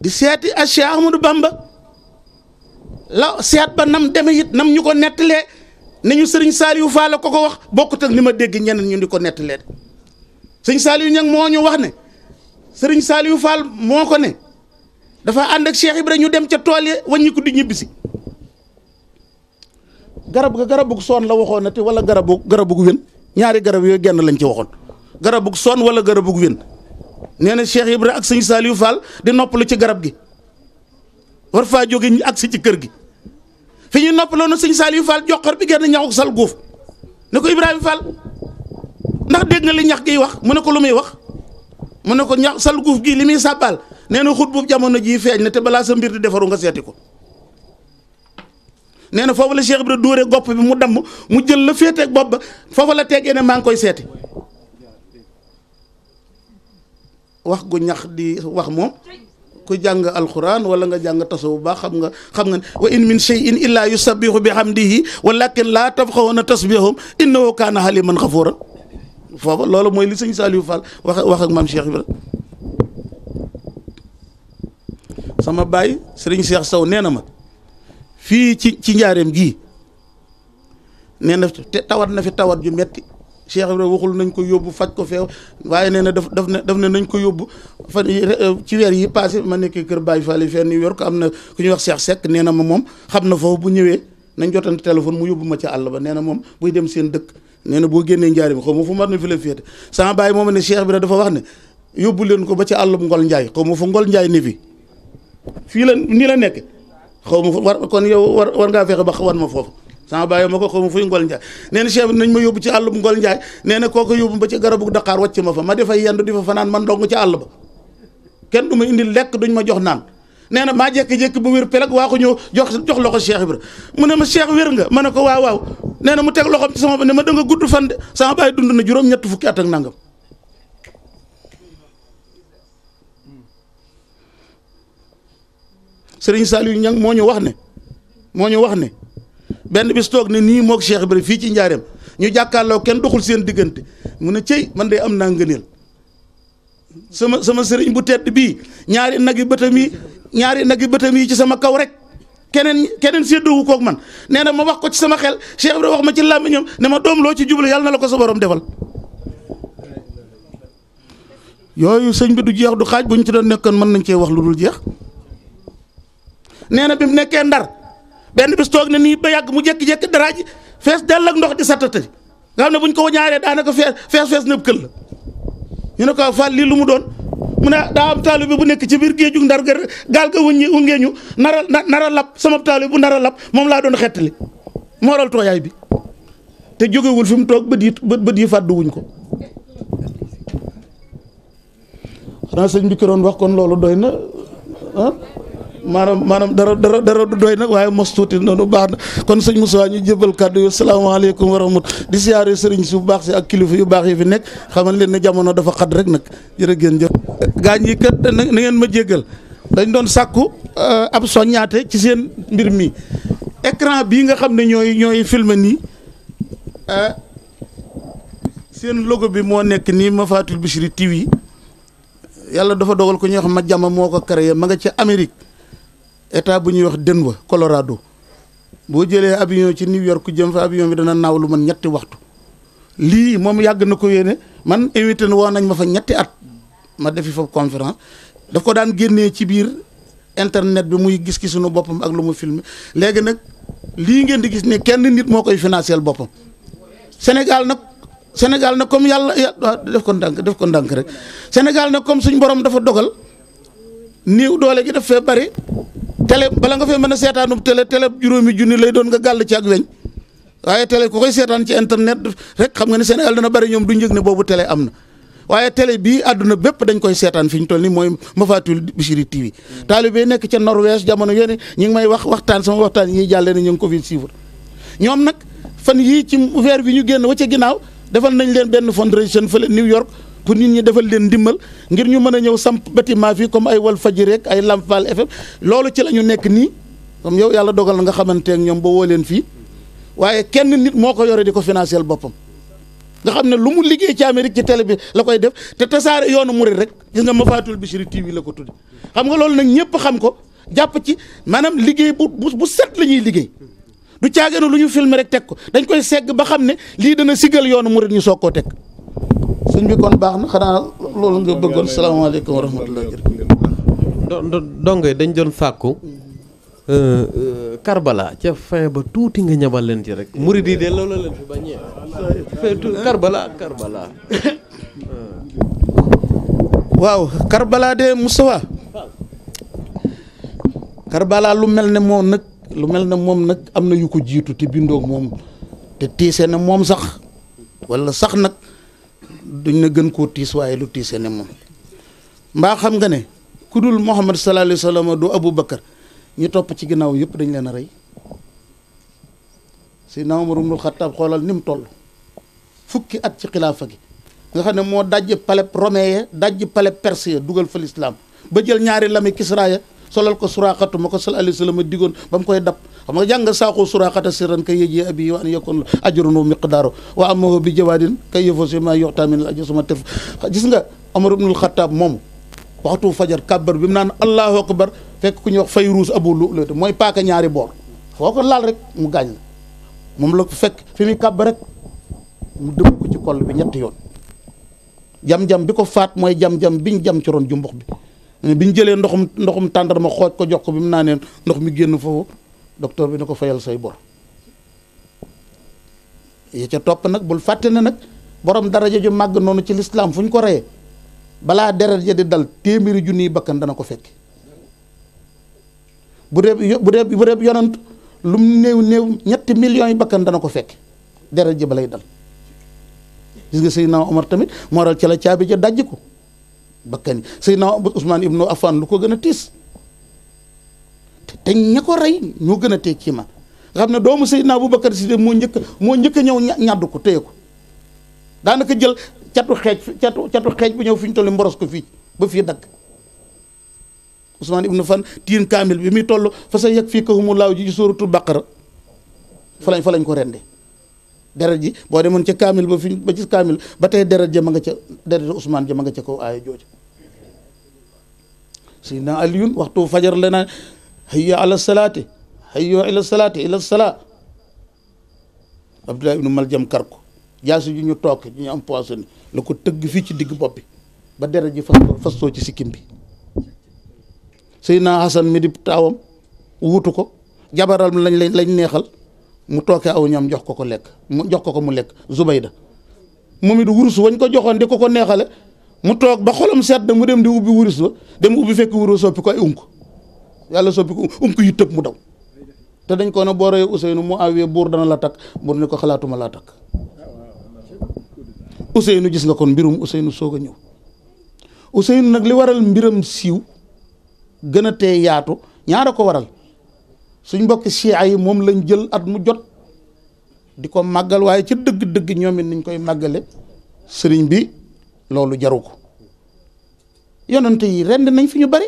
di seeti Cheikh Ahmadou Bamba la seet ba nam deme it nam ñu ko nettalee ne ñu sëriñ Saliou Fall la ko ko wax bokkut ak li ma dégg ñeneen ñu di ko nettalee sëriñ Saliou ñang moo ñu wax ne sëriñ saaliyu Fall moo ko ne dafa ànd ak Cheikh Ibra ñu dem ca tool yi wàññi di ñibbisi garab ga garabug soon la waxoon na te wala garabu garabug wén ñaari garab yooyu genn lañ ci waxoon garabug soon wala garabug wén nee na Cheikh Ibra ak sëriñ Saliou Fall di noppalu ci garab gi war faa jóge agsi ci kër gi. fi ñuy ñu noppaloon sëñ Saliou Fall joxor bi genn ñaxuk sal guuf ne ko Ibrahima Fall ndax dégg nga li ñax giy wax mu ne ko lu muy wax mu ne ko ñax sal guuf gii li muy sàbbaal nee na xut boobu jamono jii feeñ na te balaa sa mbir di defaru nga seeti ko nee na foofu la Cheikh Ibra dóore gopp bi mu damm mu jël la féeteeg bopp ba foofu la teggee ne maa koy seeti wax gu ñax di wax moom ku jàng alquran wala nga jàng tasaw bu baax xam nga xam nga wa in min shay'in xam yusabbihu bihamdihi kenn laa tafqahuna tasbihum innahu kaana haliman ghafuran foofa loolu mooy li sëñ yu Fall wax wax ak maam Cheikh Ibra sama baay sëriñ seex saw nee na ma fii ci ci njaareem gii nee na tawat na fi tawat ju metti Cheikh Ibrahima waxul nañ ko yóbbu faj ko feew waaye nee na daf daf ne daf ne nañ ko yóbbu fan euh, ci weer yi passé ma nekkee kër Baye Fall fii New York am na ku ñuy wax Cheikh Seck nee na ma moom xam na foofu bu ñëwee nañ jotante téléphone mu yóbbu ma ci àll ba nee na moom buy dem seen dëkk nee na boo génnee njaari bi xaw ma fu ma na fi la sama baay mooma ne Cheikh Ibrahima dafa wax ne yóbbu leen ko ba ca àllum Ngol Njaay xaw ma fu Ngol Njaay ne fi fii la nii la nekk xaw ma war kon yow war war ngaa fexe ba wan ma foofu sama bàyyi ma ko xaw ma fuy ngol njaay nee na chef ma yóbbu ci àll bu ngol njaay nee na kooko yóbbu garabu Dakar wàcc ma fa ma defay yendu di fa fanaan man dong ci àll ba kenn du ma indi lekk duñ ma jox naan nee na maa jékki-jékki ba wér pelag waa ko ñëw jox jox loxo Cheikh rek mu ne ma seex wér nga ma ne ko waaw waaw nee na mu teg loxo ci sama ne ma da nga gudd fan de sama bàyyi dund na juróom ñett fukki at ak nangam Serigne Saliou Niang moo ñu wax ne moo ñu wax ne benn bis toog ni nii moog Cheikh Ibrahima fii ci njaareem ñu jàkkaarloo kenn doxul seen diggante mu ne cëy man de am naa ngëneel sama sama sëriñ bu tedd bii ñaari nag yu bëtam yi ñaari nag yi bëtam yi ci sama kaw rek keneen keneen séddoowu koog man nee na ma wax ko ci sama xel Cheikh Ibrahima wax ma ci làmmiñam ne ma doom loo ci juble yàlla na la ko sa borom defal. yooyu sëñ bi du jeex du xaaj bu ñu ci doon nekkoon mën nañ cee wax lu dul jeex nee na bi mu nekkee ndar. benn bis toog na nii ba yàgg mu jekk jékki dara ji fees dell ak ndox di sattati nga xam ne buñ ko wañaaree daanaka fees fees fees nëb kël la ñu ne lii lu mu doon mu ne daa am bi bu nekk ci biir géeju ndar gër gaal ga wuññi ungeeñu nara nara lab sama taalibe bu nara lab moom laa doon xettali moo waral tooyaay bi te jógewul fi mu toog bët yi bët yi fàddu wuñ ko xanaa sëñ bi ko wax kon loolu doy na ah? maanaam maanaam dara dara dara du doy nag waaye mos tuuti noonu baax na kon sëñ Moussa ñu jëbal kàddu yi salaamaaleykum wa rahmat di siyaare sëriñ si bu baax si ak kilifa yu baax yi fi nekk xamal leen ne jamono dafa xat rek nag jërë ngeen jëf gaañ yi kat na ngeen ma jéggal dañ doon sàkku euh, ab soññaate ci seen mbir mi écran bii nga xam ne ñooy ñooy filmé nii euh, seen logo bi moo nekk nii Mafatul Bichri yi yàlla dafa dogal ko ñoo xam ma jàmm moo ko créé ma nga ca Amérique état bu ñuy wax Denver Colorado boo jëlee avion ci New York jëm fa avion bi dana naaw lu man ñetti waxtu lii moom yàgg na ko yéene man invité na woo nañ ma fa ñetti at ma defi foofu conférence daf ko daan génnee ci biir internet bi muy gis ki sunu boppam ak lu mu filmé léegi nag lii ngeen di gis ne kenn nit moo koy financé boppam Sénégal na Sénégal na comme yàlla def ko ndànk def ko ndànk rek Sénégal na comme suñ borom dafa dogal néew doole gi daf fee bari télé bala nga fee mën a seetaanub télé télé juróomi junni lay doon nga gàll ci ak weñ waaye tele ku koy seetaan ci internet rek xam nga ne Sénégal dana bari ñoom du njëg ne boobu télé am na waaye télé bii àdduna bépp dañ koy seetaan fi ñu toll nii mooy Mafatul Bichri TV. taalibe nekk ca Norvège jamono yéen ñi ngi may wax waxtaan sama waxtaan yi jàllee ne ñu ngi ko fi suivre ñoom nag fan yii ci weer bi ñu génn wa ca ginnaaw defal nañ leen benn fundraising fële New York. pour nit ñi defal leen ndimbal ngir ñu mën a ñëw samp bâtiment fii comme ay Walfadjri rek ay Lamp Fall FM loolu ci la nekk nii comme yow yàlla dogal na nga xamante ak ñoom boo woo leen fii waaye kenn nit moo ko yore di ko financier boppam nga xam ne lu mu liggéey ci Amérique ci télé bi la koy def te tasaare yoonu murid rek gis nga Mafatul Bichri TV la ko tudde xam nga loolu nag ñëpp xam ko jàpp ci maanaam liggéey bu bu set la ñuy liggéey du caagee lu ñu filmer rek teg ko dañ koy segg ba xam ne lii dana sigal yoonu murid ñu soog koo teg sëñ bi kon baax na xanaa loolu nga bëggoon salaamaaleykum wa rahmatulah. do dongo dañ doon fàkku euh, euh, Karbala ca fin ba tuuti nga ñabal leen ci rek. murid yi de loolu leen fi bañee Karbala Karbala. waaw karbalaa de Moustapha Karbala lu mel ne moom nag lu mel ne moom nag am na yu ko jiitu te bindoog moom te tiise na moom sax wala sax nag. duñ na gën koo tiis waaye lu tiisee ne moom mbaa xam nga ne ku dul Muhammad sallallahu alayhi wa sallam du Abu Bakar ñu topp ci ginnaaw yëpp dañ leen a rey Seydina Umar ibnul Xattaab xoolal ni mu toll fukki at ci xilaafa gi nga xam ne moo dajj palais romain ya dajj pale perse ya dugal fa lislaam ba jël ñaari lami kisra solal ko suraaxatu ma ko sal alayhi la ma digoon ba mu koy dab xam nga jàng saaqu suraaxata sirran kay yëjee abi wa an yakun ajrunu miqdaaro wa amahu bi jawaadin kay yëfoo si ma yoxtaa min la suma tef gis nga Omar ibnul Xataab moom waxtu fajar kabbar bi mu naan allahu bar fekk ku ñuy wax ruus abu lu'lu'at mooy paaka ñaari boor foo ko laal rek mu gaañ la moom la fekk fi muy kàbb rek mu dëbb ko ci kol bi ñetti yoon jam-jam bi ko faat mooy jam-jam bi ñu jam ci ron jumbux bi bi ñu jëlee ndoxum ndoxum tàndarma xooj ko jox ko bi mu naanee ndox mi génn foofu docteur bi ne ko fayal say bor ya ca topp nag bul fàtte ne nag borom daraja ju màgg noonu ci lislaam fu ñu ko reyee balaa deret ja di dal téeméeri junniy bakkan dana ko fekk bu dee lum néew néew ñetti millions yi bakkan dana ko fekk deret ji balay dal gis nga Seydina Omar tamit moo dal ci la caabi ja dajj ko bakkan yi usmaan Ousmane Ibnu Affan lu ko gën a tiis te ña ko rey ñoo gën a tey kii ma nga xam ne doomu Seydina Aboubacar Sidé moo njëkk moo njëkk ñëw ñëw ñaddu ko téye ko daanaka jël catu xeej catu catu xeej bu ñëw fi ñu toll mboros ko fii ba fii dagg Ousmane Ibnu Fan tiin kaamil bi muy toll fa sa yegg fii kahumulaaw ji ci sóoratul Baqara fa lañ fa lañ ko rendee deret ji boo demoon ca kaamil ba fi ba ci kaamil ba tey deret ja ma nga ca deret Ousmane ja ma nga ca kaw aaya jooju Seydina Aliyun waxtu fajar la na hayya ala salaati hayya ila salaati ila salaa Abdullah ibnu Maljam kar ko jaasi ju ñu toog ju ñu am poisson la ko tëgg fii ci digg bopp bi ba deret ji fas fastoo ci sikkim bi Seydina Hasan mi di taawam wuutu ko jabaral lañ lañ neexal mu tooke aw ñam jox ko ko lekk mu jox ko ko mu lekk Zubayda mu it wurus wañ ko joxoon di ko ko neexale mu toog ba xolam sedd mu dem di ubbi wurus ba dem ubbi fekk wur wurus soppi ko ay unk yàlla soppi ko unk yu mu daw te dañ koo ne boo reyee Ousseynou mu awee buur dana la takk buur ne ko xalaatuma laa takk Ousseynou gis nga kon mbirum Ousseynou soog a ñëw Ousseynou nag li waral mbiram siiw gën a tee yaatu ñaara ko waral suñ mbokki chia ay moom lañ jël at mu jot di ko màggal waaye ci dëgg-dëgg ñoom it niñ koy màggale sëriñ bi loolu jaru ko yonante yi rend nañ fi ñu bari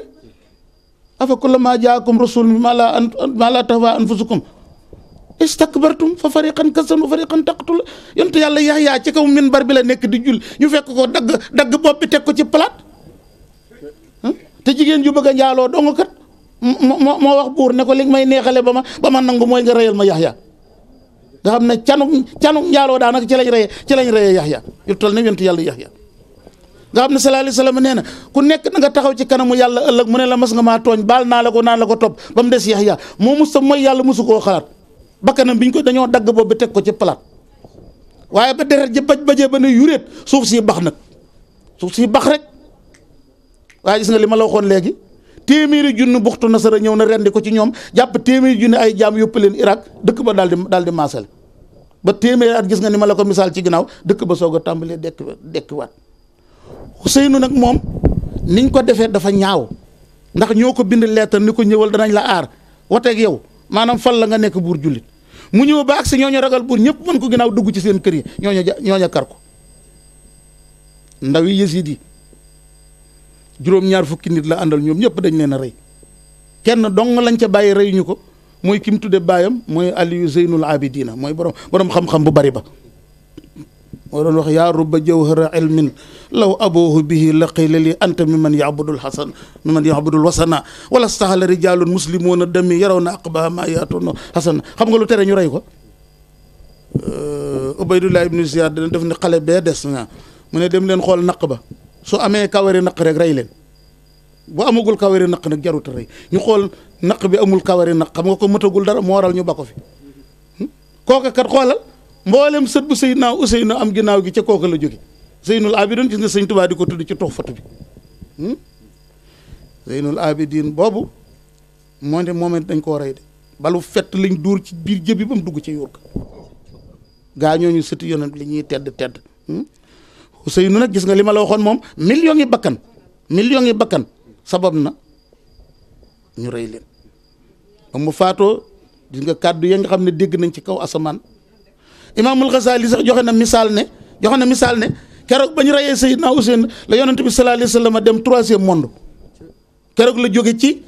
afa kullama jaakum rasul bi ma laa an ma laa tahwa anfusukum istakbartum fa fariqan kazzabtum wa fariqan taqtul yonte yàlla yaxyaa ci kaw minbar bi la nekk di jul ñu fekk ko dagg dagg bopp bi teg ko ci palaat te jigéen ju bëgg a njaaloo dong kat moo moo wax buur ne ko li may neexale ba ma ba ma nangu mooy nga reyal ma yaxya nga xam ne canu canu njaaloo daanak ci lañ reye ci lañ reye yaxya yu toll ne yontu yàlla yaxya nga xam ne sallallahu alayhi wasallam nee na ku nekk na nga taxaw ci kanamu yàlla ëllëg mu ne la mas nga maa tooñ baal naa la ko naan la ko topp ba mu des yaxya moo mus sa mooy yàlla mosu koo xalaat bakkanam biñ ko dañoo dagg boobu teg ko ci palaat waaye ba deret ji baj bajee ba ne suuf si bax nag suuf si bax rek waaye gis nga li ma la waxoon léegi téeméeri junni buxtu nasara ñëw na rendi ko ci ñoom jàpp téeméeri junni ay jaam yóbbu leen Irak dëkk ba daal di daal di ba téeméeri at gis nga ni ma la ko misaal ci ginnaaw dëkk ba soog a tàmbalee dekk dekkiwaat Ousseynou nag moom niñ ko defee dafa ñaaw ndax ñoo ko bind leetar ni ko ñëwal danañ la aar wateeg yow maanaam fal la nga nekk buur jullit mu ñëw ba agsi ñooñu ragal buur ñëpp mën ko ginnaaw dugg ci seen kër yi ñooñu ja ñooñu kar ko ndaw yi yësiit juróom-ñaar fukki nit la àndal ñoom ñëpp dañ leen a rey kenn dong lañ ca bàyyi reyuñu ko mooy ki mu tudde baayam mooy Aliyu Zeynul Abidina mooy borom borom xam-xam bu bari ba moo doon wax yaa rubba jawhara ilmin law bi bihi la qila li anta mi man yabudul hasan mi man yabudul wasana wala stahala rijalun a dami yaraw na aqbaha ma yaatuna hasana xam nga lu tere ñu rey ko euh, Ubaydullah ibnu Ziyad def ni xale bee des naa mu ne dem leen xool naq ba su amee kawari naq rek rey leen bu amagul kawari naq nag jarut rey ñu xool naq bi amul kawari naq xam nga ko mëtagul dara moo waral ñu ba fi hmm? kooka kat xoolal mboolem sët bu Seydina na am ginnaaw gi ca kooka la jóge Zeynul Abidin gis nga di ko tudd ci Tuhfatu bi Zeynul hmm? Abidin boobu moo ne moom dañ koo rey de balu fett lañ dóor ci biir jëbi ba mu dugg ci yurka gaa ñooñu sëti yonent li ñuy tedd tedd hmm? Ousseynou nag gis nga li ma la waxoon moom millions yi bakkan millions yi bakkan sabab na ñu rey leen ba mu faatoo gis nga kàddu ya nga xam ne dégg nañ ci kaw asamaan imaamul Xasaali sax joxe na misaal ne joxe na misaal ne keroog ba ñu reyee Seydina Ousseynou la yonent bi sallallahu alayhi wa dem troisième monde keroog la jóge ci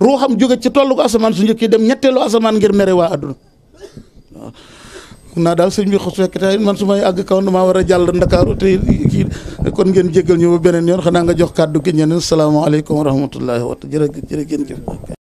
ruuxam jóge ci tollu ko asamaan su njëkkee dem ñetteelu asamaan ngir mere waa àdduna mun daal sëñ bi xos fekk tey man su may àgg kaw damaa war a jàll ndakaaru te kii kon ngeen jéggal ñu ba beneen yoon xanaa nga jox kàddu ki ñeneen salaamaaleykum wa rahmatullahi wa jërë jërë ngeen jëf